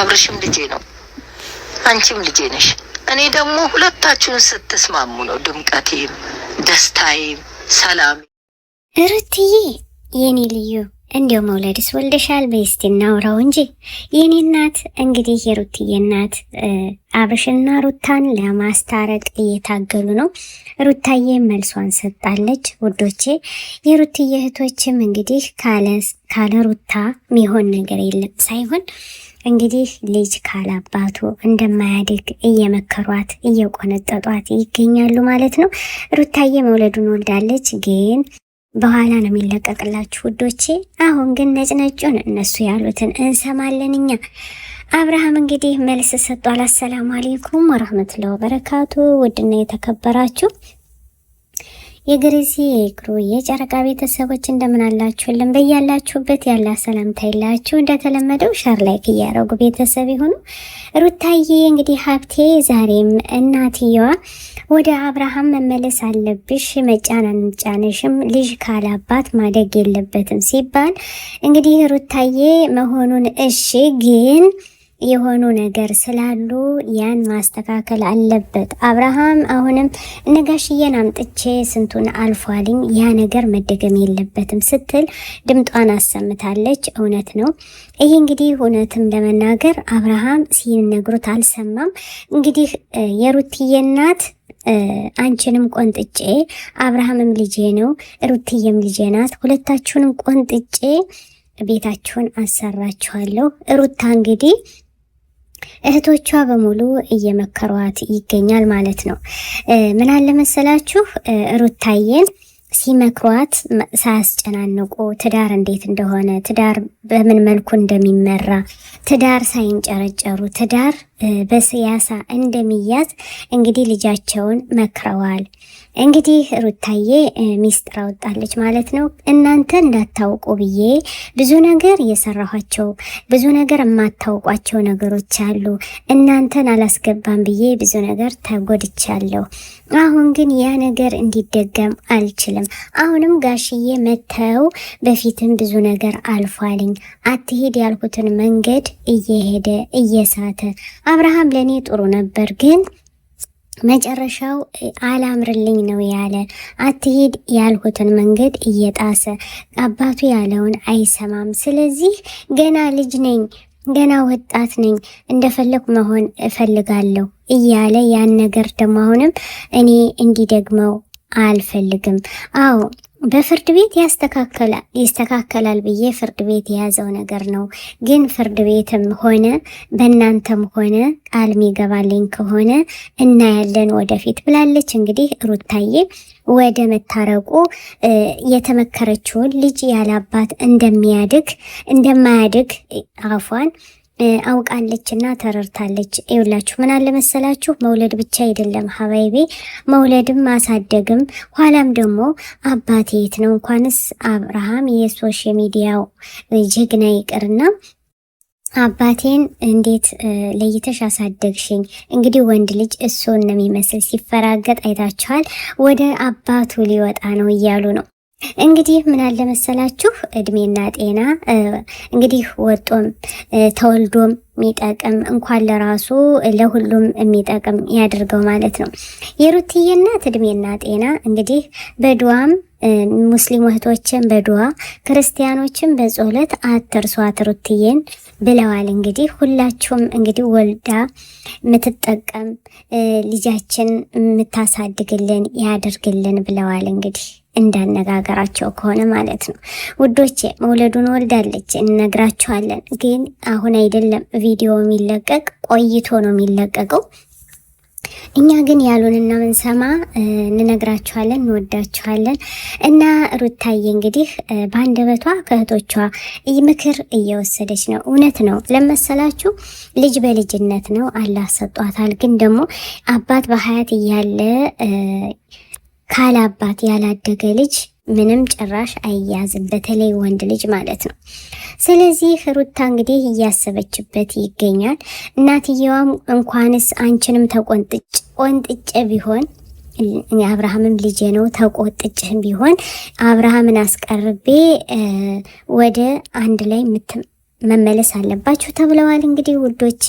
አብርሽም ልጄ ነው፣ አንቺም ልጄ ነሽ። እኔ ደግሞ ሁለታችሁን ስትስማሙ ነው ድምቀቴም፣ ደስታዬም፣ ሰላም። ሩትዬ የኔ ልዩ እንዲያው መውለድስ ወልደሻል፣ በስቲ እናውራው እንጂ የኔ እናት። እንግዲህ የሩትዬ እናት አብርሽና ሩታን ለማስታረቅ እየታገሉ ነው። ሩታዬ መልሷን ሰጣለች። ውዶቼ የሩትዬ እህቶችም እንግዲህ ካለ ሩታ ሚሆን ነገር የለም ሳይሆን እንግዲህ ልጅ ካላባቱ እንደማያድግ እየመከሯት እየቆነጠጧት ይገኛሉ ማለት ነው። ሩታዬ መውለዱን ወልዳለች፣ ግን በኋላ ነው የሚለቀቅላችሁ ውዶቼ። አሁን ግን ነጭነጩን እነሱ ያሉትን እንሰማለን እኛ። አብርሃም እንግዲህ መልስ ሰጧል አሰላሙ አሌይኩም ወረህመቱላሂ ወበረካቱ ውድና የተከበራችሁ የግሬሲ ክሩ የጨረቃ ቤተሰቦች እንደምን አላችሁልን? በያላችሁበት ያለ ሰላምታ ይላችሁ። እንደተለመደው ሻር ላይክ እያደረጉ ቤተሰብ የሆኑ ሩታዬ እንግዲህ ሀብቴ ዛሬም እናትየዋ ወደ አብርሃም መመለስ አለብሽ፣ መጫናን ጫነሽም ልጅ ካላባት ማደግ የለበትም ሲባል እንግዲህ ሩታዬ መሆኑን እሺ ግን የሆኑ ነገር ስላሉ ያን ማስተካከል አለበት። አብርሃም አሁንም እነጋሽዬን አምጥቼ ስንቱን አልፏልኝ ያ ነገር መደገም የለበትም ስትል ድምጧን አሰምታለች። እውነት ነው ይህ እንግዲህ እውነትም ለመናገር አብርሃም ሲነግሩት አልሰማም። እንግዲህ የሩትዬ እናት አንቺንም ቆንጥጬ አብርሃምም ልጄ ነው፣ ሩትዬም ልጄ ናት። ሁለታችሁንም ቆንጥጬ ቤታችሁን አሰራችኋለሁ። ሩታ እንግዲህ እህቶቿ በሙሉ እየመከሯት ይገኛል ማለት ነው። ምን አለ መሰላችሁ ሩታዬን ሲመክሯት ሳያስጨናንቁ ትዳር እንዴት እንደሆነ፣ ትዳር በምን መልኩ እንደሚመራ፣ ትዳር ሳይንጨረጨሩ ትዳር በስያሳ እንደሚያዝ እንግዲህ ልጃቸውን መክረዋል። እንግዲህ ሩታዬ ሚስጥር አወጣለች ማለት ነው። እናንተ እንዳታውቁ ብዬ ብዙ ነገር የሰራኋቸው ብዙ ነገር የማታውቋቸው ነገሮች አሉ። እናንተን አላስገባም ብዬ ብዙ ነገር ተጎድቻለሁ። አሁን ግን ያ ነገር እንዲደገም አልችልም። አሁንም ጋሽዬ መተው በፊትም ብዙ ነገር አልፏልኝ። አትሄድ ያልኩትን መንገድ እየሄደ እየሳተ አብርሃም ለእኔ ጥሩ ነበር ግን መጨረሻው አላምርልኝ ነው ያለ። አትሄድ ያልሁትን መንገድ እየጣሰ አባቱ ያለውን አይሰማም። ስለዚህ ገና ልጅ ነኝ፣ ገና ወጣት ነኝ፣ እንደፈለግ መሆን እፈልጋለሁ እያለ ያን ነገር ደግሞ አሁንም እኔ እንዲደግመው አልፈልግም። አዎ በፍርድ ቤት ያስተካከላል ይስተካከላል ብዬ ፍርድ ቤት የያዘው ነገር ነው። ግን ፍርድ ቤትም ሆነ በእናንተም ሆነ ቃል የሚገባልኝ ከሆነ እናያለን ወደፊት ብላለች። እንግዲህ ሩታዬ ወደ መታረቁ የተመከረችውን ልጅ ያለ አባት እንደሚያድግ እንደማያድግ አፏን አውቃለች እና ተረርታለች። ይውላችሁ ምን አለ መሰላችሁ መውለድ ብቻ አይደለም ሀባይቤ፣ መውለድም ማሳደግም፣ ኋላም ደግሞ አባቴ የት ነው እንኳንስ አብርሃም የሶሽ ሚዲያው ጀግና ይቅርና አባቴን እንዴት ለይተሽ አሳደግሽኝ። እንግዲህ ወንድ ልጅ እሱን ነው የሚመስል ሲፈራገጥ አይታችኋል። ወደ አባቱ ሊወጣ ነው እያሉ ነው እንግዲህ ምን አለ መሰላችሁ እድሜና ጤና እንግዲህ ወጦም ተወልዶም የሚጠቅም እንኳን ለራሱ ለሁሉም የሚጠቅም ያድርገው ማለት ነው። የሩትዬ እናት እድሜና ጤና እንግዲህ በድዋም ሙስሊም እህቶችን በድዋ ክርስቲያኖችን በጸሎት አትርሷት ሩትዬን ብለዋል። እንግዲህ ሁላችሁም እንግዲህ ወልዳ የምትጠቀም ልጃችን የምታሳድግልን ያድርግልን ብለዋል እንግዲህ እንዳነጋገራቸው ከሆነ ማለት ነው ውዶቼ፣ መውለዱን ወልዳለች እነግራችኋለን። ግን አሁን አይደለም ቪዲዮ የሚለቀቅ ቆይቶ ነው የሚለቀቀው። እኛ ግን ያሉን እና ምንሰማ እንነግራችኋለን። እንወዳችኋለን። እና ሩታዬ እንግዲህ በአንደበቷ ከእህቶቿ ምክር እየወሰደች ነው። እውነት ነው ለመሰላችሁ ልጅ በልጅነት ነው አላህ ሰጧታል። ግን ደግሞ አባት በሀያት እያለ ካላባት ያላደገ ልጅ ምንም ጭራሽ አይያዝም፣ በተለይ ወንድ ልጅ ማለት ነው። ስለዚህ ሩታ እንግዲህ እያሰበችበት ይገኛል። እናትየዋም እንኳንስ አንቺንም ተቆንጥጭ ቆንጥጭ ቢሆን አብርሃምም ልጄ ነው ተቆጥጭህም ቢሆን አብርሃምን አስቀርቤ ወደ አንድ ላይ መመለስ አለባችሁ ተብለዋል። እንግዲህ ውዶቼ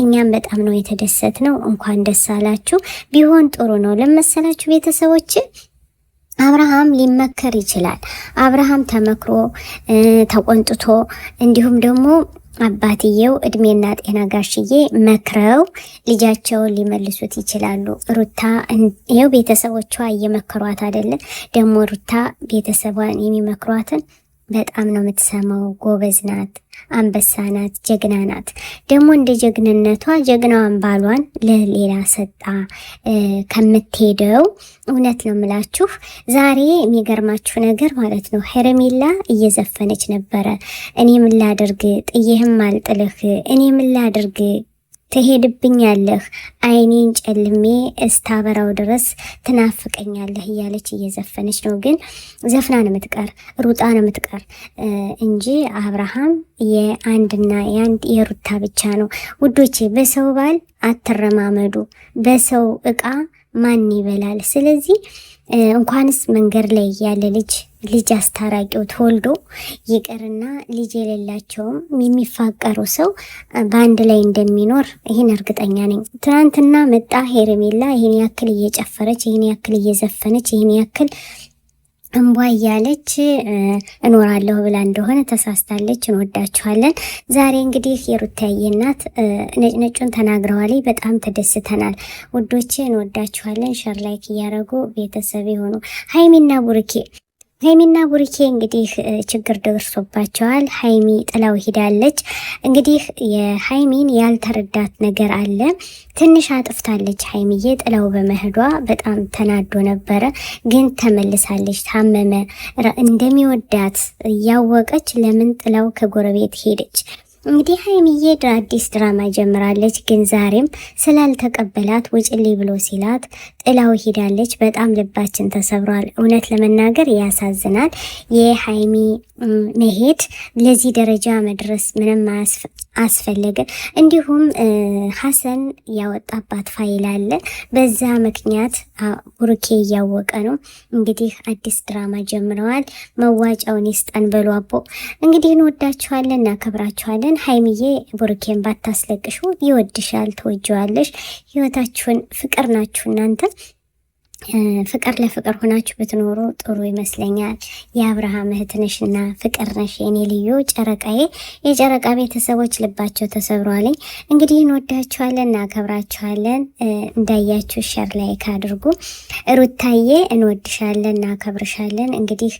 እኛም በጣም ነው የተደሰት ነው። እንኳን ደስ አላችሁ። ቢሆን ጥሩ ነው ለመሰላችሁ ቤተሰቦች አብርሃም ሊመከር ይችላል። አብርሃም ተመክሮ ተቆንጥቶ እንዲሁም ደግሞ አባትየው እድሜና ጤና ጋሽዬ መክረው ልጃቸውን ሊመልሱት ይችላሉ። ሩታ ይኸው ቤተሰቦቿ እየመከሯት አይደለ ደግሞ ሩታ ቤተሰቧን የሚመክሯትን በጣም ነው የምትሰማው። ጎበዝ ናት፣ አንበሳ ናት፣ ጀግና ናት። ደግሞ እንደ ጀግንነቷ ጀግናዋን ባሏን ለሌላ ሰጣ ከምትሄደው እውነት ነው የምላችሁ። ዛሬ የሚገርማችሁ ነገር ማለት ነው ሄርሜላ እየዘፈነች ነበረ። እኔ ምን ላድርግ ጥዬህም አልጥልህ፣ እኔ ምን ላድርግ ትሄድብኛለህ አይኔን ጨልሜ እስታበራው ድረስ ትናፍቀኛለህ እያለች እየዘፈነች ነው። ግን ዘፍና ነው የምትቀር ሩጣ ነው የምትቀር እንጂ አብርሃም የአንድና የአንድ የሩታ ብቻ ነው። ውዶቼ በሰው ባል አትረማመዱ፣ በሰው እቃ ማን ይበላል? ስለዚህ እንኳንስ መንገድ ላይ ያለ ልጅ ልጅ አስታራቂው ተወልዶ ይቅርና ልጅ የሌላቸውም የሚፋቀሩ ሰው በአንድ ላይ እንደሚኖር ይህን እርግጠኛ ነኝ። ትናንትና መጣ ሄርሜላ ይህን ያክል እየጨፈረች፣ ይህን ያክል እየዘፈነች፣ ይህን ያክል እንቧ እያለች እኖራለሁ ብላ እንደሆነ ተሳስታለች። እንወዳችኋለን። ዛሬ እንግዲህ የሩታዬ እናት ነጭነጩን ተናግረዋል። በጣም ተደስተናል ውዶቼ፣ እንወዳችኋለን። ሸር ላይክ እያደረጉ ቤተሰብ የሆኑ ሀይሚና ቡርኬ ሀይሚና ቡሪኬ እንግዲህ ችግር ደርሶባቸዋል። ሀይሚ ጥላው ሂዳለች። እንግዲህ የሀይሚን ያልተረዳት ነገር አለ። ትንሽ አጥፍታለች። ሀይሚዬ ጥላው በመሄዷ በጣም ተናዶ ነበረ፣ ግን ተመልሳለች። ታመመ እንደሚወዳት እያወቀች ለምን ጥላው ከጎረቤት ሄደች? እንግዲህ ሀይሚዬ አዲስ ድራማ ጀምራለች። ግን ዛሬም ስላልተቀበላት ውጭሌ ብሎ ሲላት ጥላው ሄዳለች። በጣም ልባችን ተሰብሯል። እውነት ለመናገር ያሳዝናል። የሀይሚ መሄድ ለዚህ ደረጃ መድረስ ምንም አስፈለገ። እንዲሁም ሀሰን ያወጣባት ፋይል አለ። በዛ ምክንያት ቡርኬ እያወቀ ነው። እንግዲህ አዲስ ድራማ ጀምረዋል። መዋጫውን ይስጠን በሉ አቦ። እንግዲህ እንወዳችኋለን፣ እናከብራችኋለን። ሀይምዬ ቡርኬን ባታስለቅሹ፣ ይወድሻል፣ ትወጀዋለሽ። ህይወታችሁን ፍቅር ናችሁ እናንተ ፍቅር ለፍቅር ሆናችሁ ብትኖሩ ጥሩ ይመስለኛል። የአብርሃም እህት እና ፍቅር ነሽ የኔ ልዩ ጨረቃዬ። የጨረቃ ቤተሰቦች ልባቸው ተሰብሯልኝ። እንግዲህ እንወዳችኋለን፣ እናከብራችኋለን። እንዳያችሁ ሸር ላይክ አድርጉ። ሩታዬ እንወድሻለን፣ እናከብርሻለን። እንግዲህ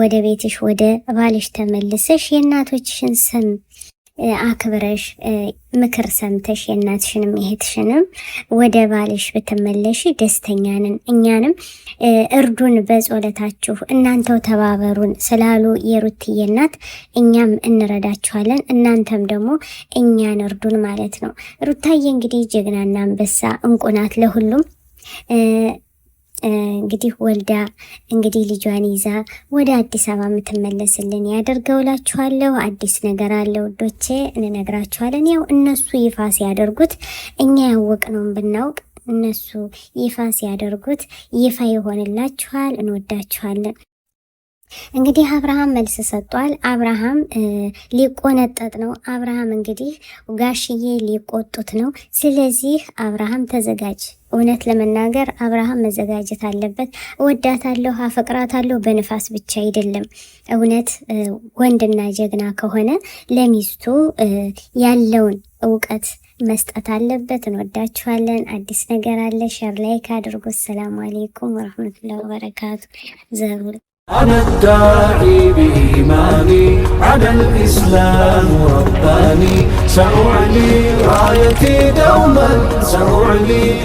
ወደ ቤትሽ ወደ ባልሽ ተመልሰሽ የእናቶችሽን ስም አክብረሽ ምክር ሰምተሽ የእናትሽንም የእህትሽንም ወደ ባልሽ ብትመለሽ ደስተኛ ነን። እኛንም እርዱን በጸሎታችሁ እናንተው ተባበሩን ስላሉ የሩትዬ እናት እኛም እንረዳችኋለን፣ እናንተም ደግሞ እኛን እርዱን ማለት ነው። ሩታዬ እንግዲህ ጀግናና አንበሳ እንቁናት ለሁሉም እንግዲህ ወልዳ እንግዲህ ልጇን ይዛ ወደ አዲስ አበባ የምትመለስልን ያደርገው ላችኋለሁ። አዲስ ነገር አለ ውዶቼ እንነግራችኋለን። ያው እነሱ ይፋ ሲያደርጉት እኛ ያወቅነውን ብናውቅ እነሱ ይፋ ሲያደርጉት ይፋ ይሆንላችኋል። እንወዳችኋለን። እንግዲህ አብርሃም መልስ ሰጥቷል። አብርሃም ሊቆነጠጥ ነው። አብርሃም እንግዲህ ጋሽዬ ሊቆጡት ነው። ስለዚህ አብርሃም ተዘጋጅ። እውነት ለመናገር አብርሃም መዘጋጀት አለበት። እወዳታለሁ፣ አፈቅራታለሁ በንፋስ ብቻ አይደለም። እውነት ወንድና ጀግና ከሆነ ለሚስቱ ያለውን እውቀት መስጠት አለበት። እንወዳችኋለን። አዲስ ነገር አለ። ሸር ላይክ አድርጉ። ሰላም አሌይኩም ወረህመቱላሂ ወበረካቱ ዘሩ أنا الداعي بإيماني على الإسلام رباني سأعلي رايتي دوما سأعلي